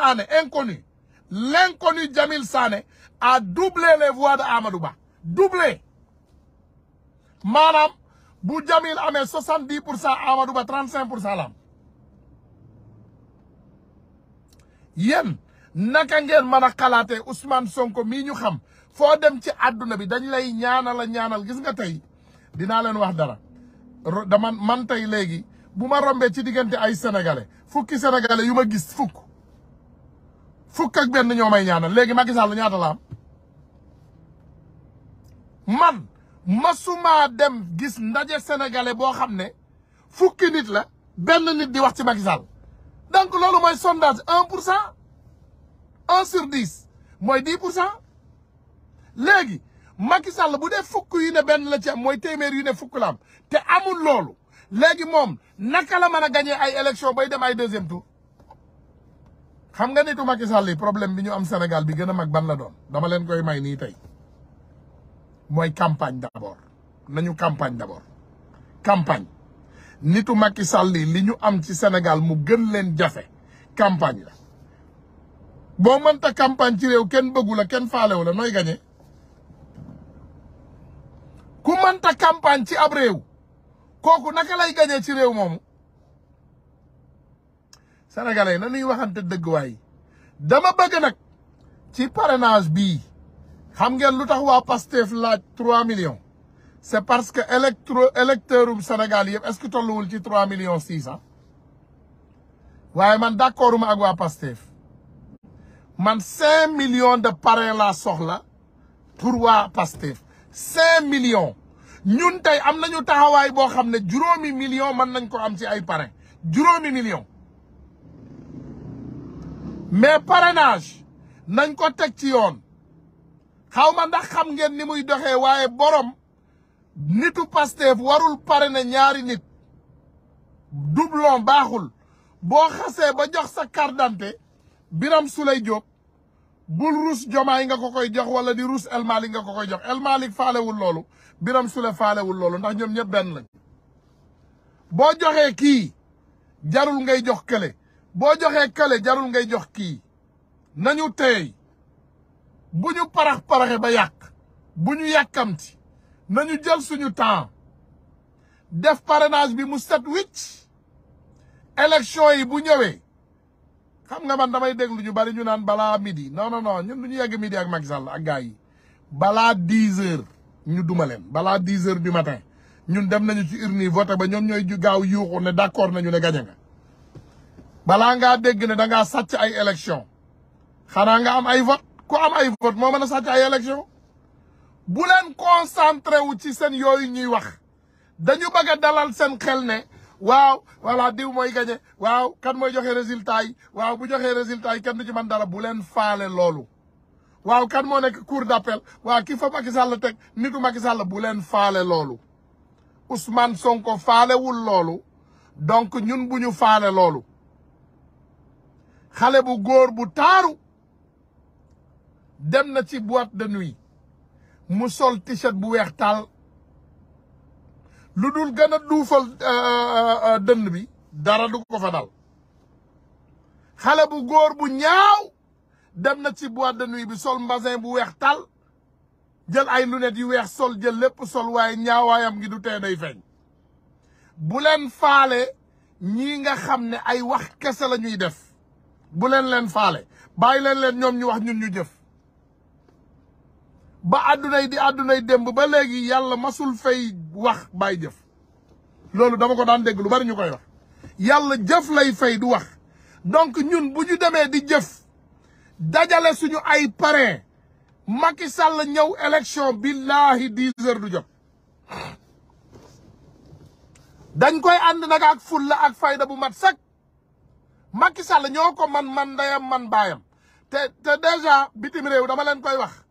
Sané inconnu l'inconnu Jamil Sané a doublé les voix de Amadou Ba doublé maanaam bu Jamil amee soixante dix pour cent Amadou Ba trente cinq pour cent lam am yéen naka ngeen mën a xalaatee Ousmane Sonko mii ñu xam foo dem ci àdduna bi dañ lay ñaanal a ñaanal gis nga tey dinaa leen wax dara dama man tey léegi bu ma rombee ci diggante ay sénégalais fukki sénégalais yu ma gis fukk fukk ak benn ñoo may ñaanal léegi Macky Sall ñaata la am man masumaa dem gis ndaje sénégalais boo xam ne fukki nit la benn nit di wax ci Macky donc loolu mooy sondage un pour cent un sur dix mooy dix pour cent léegi Macky bu dee fukk yu ne benn la ci am mooy téeméer yu ne fukk la am te amul loolu léegi moom naka la man a gagné ay élection bay dem ay deuxième tour xam nga nitu Macky Sall yi problème bi ñu am Sénégal bi gën a mag ban la doon dama leen koy may nii tey mooy campagne d'abord nañu campagne d'abord campagne nitu Macky Sall yi li ñu am ci Sénégal mu gën leen jafe campagne la boo mënta campagne ci réew kenn bëggu la kenn faalewu la nooy gañe ku mënta campagne ci ab réew kooku naka lay gañee ci réew moomu sénégalais na ñuy waxante dëgg waay dama bëgg nag ci parrainage bii xam ngeen lu tax waa Pastef laaj trois millions c'est parce que électro électeurum Sénégal yëpp est-ce que tolluwul ci trois millions six waaye man d'accorduma ak waa Pastef man cinq millions de parrain laa soxla pour waa Pastef cinq millions ñun tey am nañu taxawaay boo xam ne juróomi million mën nañ ko am ci ay parrain juróomi million mais parrainage nañ ko teg ci yoon xawma ndax xam ngeen ni muy doxee waaye borom nit nitu Pastef warul parrainer ñaari nit doublon baaxul boo xasee ba jox sa carte Biram Souleye Diop bul rus Jomaay nga ko koy jox wala di ruus El Malick nga ko koy jox El Malick faalewul loolu Biram Souleye faalewul loolu ndax ñoom ñëpp benn lañ boo joxee kii jarul ngay jox kele boo joxee kale jarul ngay jox kii nañu tey bu ñu parax-paraxe ba yàq bu ñu yàkkamti nañu jël suñu temps def parrainage bi mu set wicc élection yi bu ñëwee xam nga man damay déglu ñu bari ñu naan balaa midi non non non ñun du ñu yegg midi ak Macky Sall ak gars yi balaa dix heures ñu duma leen balaa dix heures du matin ñun dem nañu ci urne voté ba ñoom ñooy gaaw yuuxu ne d'accord nañu ne gañe nga balaa ngaa dégg ne da ngaa sàcc ay élection xanaa nga am ay vote ku am ay vote moo mën a sàcc ay élection bu leen concentré wu ci seen yooyu ñuy wax dañu bëgg dalal seen xel ne waaw voilà diw mooy gagné waaw kan mooy joxe résultat yi waaw bu joxe résultat yi kenn du ci mën dara bu leen faale loolu waaw kan moo nekk cour d'appel waaw ki fa Macky Sall teg nitu Macky Sall bu leen faale loolu Ousmane Sonko faalewul loolu donc ñun bu ñu faale loolu xale bu góor bu taaru dem na ci boîte de nuit mu sol t chet bu weex taal lu dul gën a duufal euh, euh, euh, dënn bi dara du ko fa dal xale bu góor bu ñaaw dem na ci boîte de nuit bi sol mbasin bu weex tal jël ay lunettes yu weex sol jël lépp sol waaye ñaawaayam ngi du tee day feeñ bu leen faale ñii nga xam ne ay wax kese lañuy def bu leen leen faale bàyyi leen leen ñoom ñu wax ñun ñu jëf ba yi di àddunay démb ba léegi yàlla masul fay wax baay jëf loolu dama ko daan dégg lu bari ñu koy wax yàlla jëf lay fay du wax donc ñun bu ñu demee di jëf dajale suñu ay parrain Macky Sall ñëw élection billahi dix heures du jot dañ koy ànd nag ak fulla ak fayda bu mat sek makki Sall ñoo ko man man ndeyam man baayam te te déjà bitim réew dama leen koy wax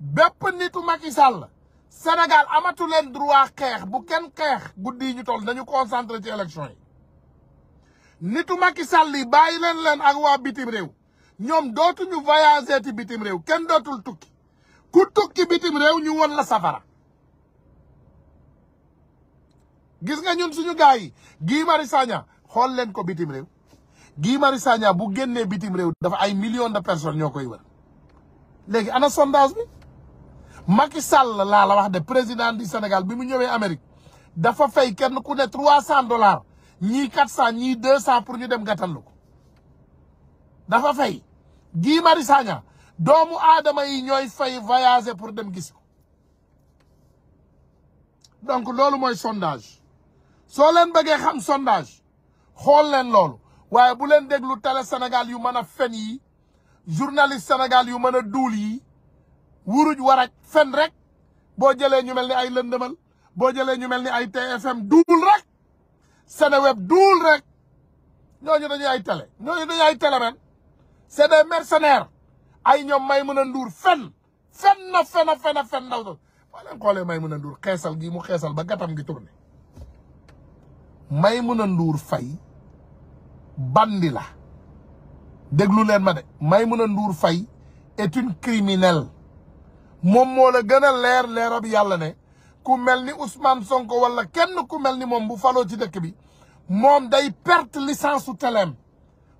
bépp nitu Macky Sall Sénégal amatu leen droit xeex bu kenn xeex guddi ñu toll nañu concentré ci élection yi nitu makki Sall yi bàyyi leen leen ak waa bitim réew ñoom dootuñu voyager ci bitim réew kenn dootul tukki ku tukki bitim réew ñu won la safara gis nga ñun suñu gars yi Guy Marius xool leen ko bitim réew Guy Marius Sagna bu génnee bitim réew dafa ay millions de personnes ñoo koy wër léegi ana sondage bi Macky Sall laa la wax de président du Sénégal bi mu ñëwee Amérique dafa fay kenn ku ne trois cent dollars ñii quatre cent ñii deux cent pour ñu dem gàttanlu ko dafa fay Guy Marius Sagna doomu aadama yi ñooy fay voyager pour dem gis donc loolu mooy sondage soo leen bëggee xam sondage xool leen loolu waaye bu leen déglu télé senegal yu man a fen yi journaliste Sénégal yu mën a duul yi wuruj waraj fen rek boo jëlee ñu mel ni ay lëndëmal boo jëlee ñu mel ni ay te TFM duul rek Seneweb duul rek ñu dañuy ay télé ñooñu dañuy ay télé ren c'est des mercenaires ay ñoom may mën a nduur fen fen na fen a fen a fen ndaw sax boo leen may mën a nduur xeesal gi mu xeesal ba gatam gi tourné may mën a nduur fay bandi la déglu leen ma de may a nduur Faye est une criminelle moom moo la gën a leer leerab yàlla ne ku mel ni Ousmane Sonko wala kenn ku mel ni moom bu faloo ci dëkk bi moom day perte licence su teleem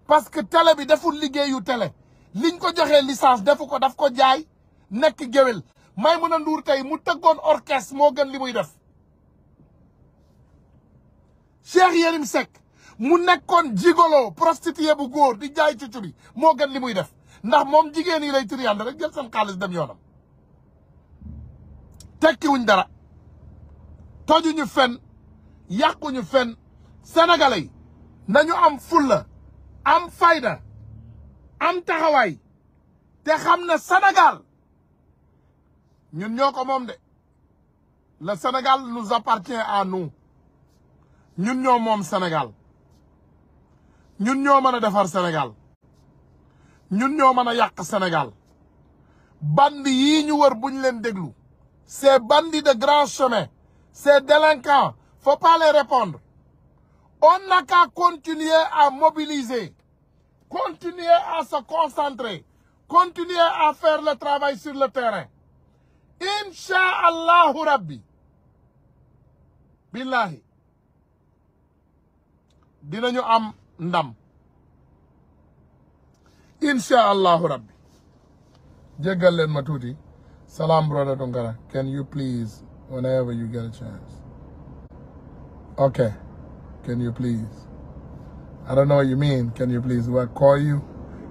parce que télé bi deful liggéeyu télé liñ ko joxee licence defu ko daf ko jaay nekk géwél a nduur tey mu tëggoon orchestre moo gën li muy def Cheikh Yérim Seck mu nekkoon jigolo prostitué bu góor di jaay cuccu bi moo gën li muy def ndax moom jigéen yi lay triyande rek jël seen xaalis dem yoonam tekkiwuñ dara tojuñu fen yàquñu fen sénégalais nañu am fulla am fayda am taxawaay te xam ne Sénégal ñun ñoo ko moom de la Sénégal nous appartient à nous ñun ñoo moom Sénégal ñun ñoo mën a defar Sénégal ñun ñoo mën a yàq Sénégal bandi yii ñu wër buñ leen déglu ces bandits de grand chemin ces délinquants faut pas répondre on n'a qu'à continuer à mobiliser continuer à se concentrer continuer à faire le travail sur le terrain incha allahu rabbi billahi dinañu am ndam insha allahu rabbi jéggal leen ma tuuti salaam brother Tunkara can you please whenever you get a chance okay can you please I don't know what you mean can you please what call you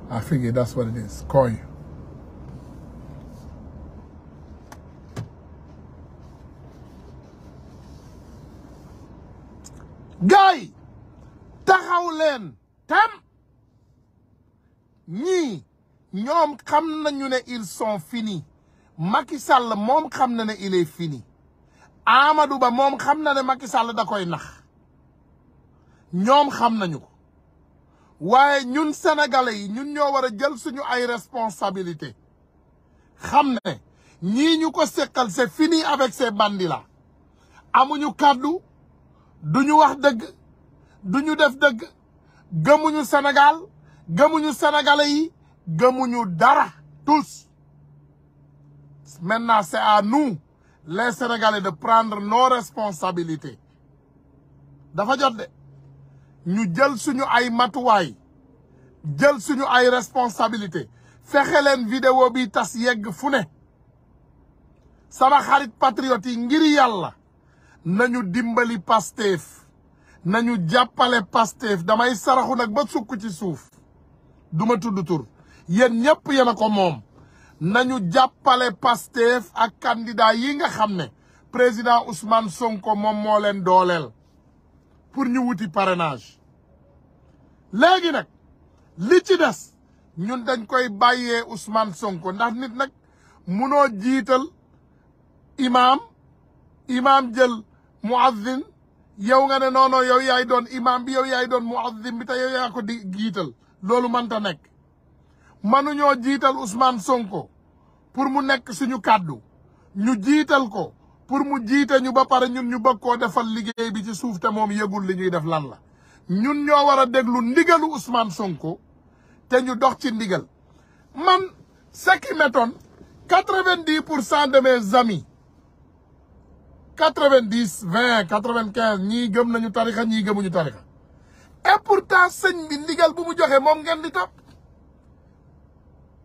I figure that's what it is call you guy taxaw leen tam ñii ñoom xam nañu ne ils son finis Macky Sall moom xam na ne il est fini Amadou Ba moom xam na ne Macky Sall da koy nax ñoom xam nañu ko waaye ñun sénégalais yi ñun ñoo war a jël suñu ay responsabilité xam ne ñii ñu ko seqal c'est fini avec ces bandits là amuñu kàddu duñu wax dëgg du ñu def dëgg gëmuñu Sénégal gëmuñu sénégalais yi gëmuñu dara tous maintenant c'est à nous les sénégalais de prendre nos responsabilité dafa jot de ñu jël suñu ay matuwaay jël suñu ay responsabilité fexe leen vidéo bi tas yegg fu ne sama xarit patriote yi ngir yàlla nañu dimbali Pastef nañu jàppale Pastef damay saraxu nag ba sukk ci suuf duma ma tudd tur yéen ñëpp yéen ko moom nañu jàppale Pastef ak candidat yi nga xam ne président Ousmane Sonko moom moo leen dooleel pour ñu wuti parenage léegi nag li ci des ñun dañ koy bàyyee Ousmane Sonko ndax nit nag munoo jiital imaam imaam jël muazzin yow nga ne non non yow yaay doon imam bi yow yaay doon muazzim bi te yow yaa ko di jiital loolu mënta nekk mënuñoo jiital Ousmane Sonko pour mu nekk suñu kàddu ñu jiital ko pour mu jiite ñu ba pare ñun ñu bëgg koo defal liggéey bi ci suuf te moom yëgul li ñuy def lan la ñun ñoo war a déglu ndigalu Ousmane Sonko te ñu dox ci ndigal man ce qui m'étonne quatre-vingt-dix pour cent de mes quatre-vingt-dix vingt quatre-vingt-quinze ñii gëm nañu tarixa ñii gëmuñu tarixa et pourtant sëñ bi ndigal bu mu joxe moom ngeen di topp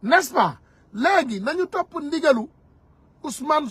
n'est-ce pas nañu topp ndigalu Ousmane